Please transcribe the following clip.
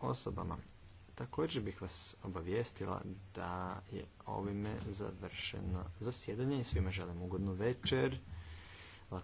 osobama. Također bih vas obavijestila da je ovime završeno zasjedanje i svima želim ugodnu večer.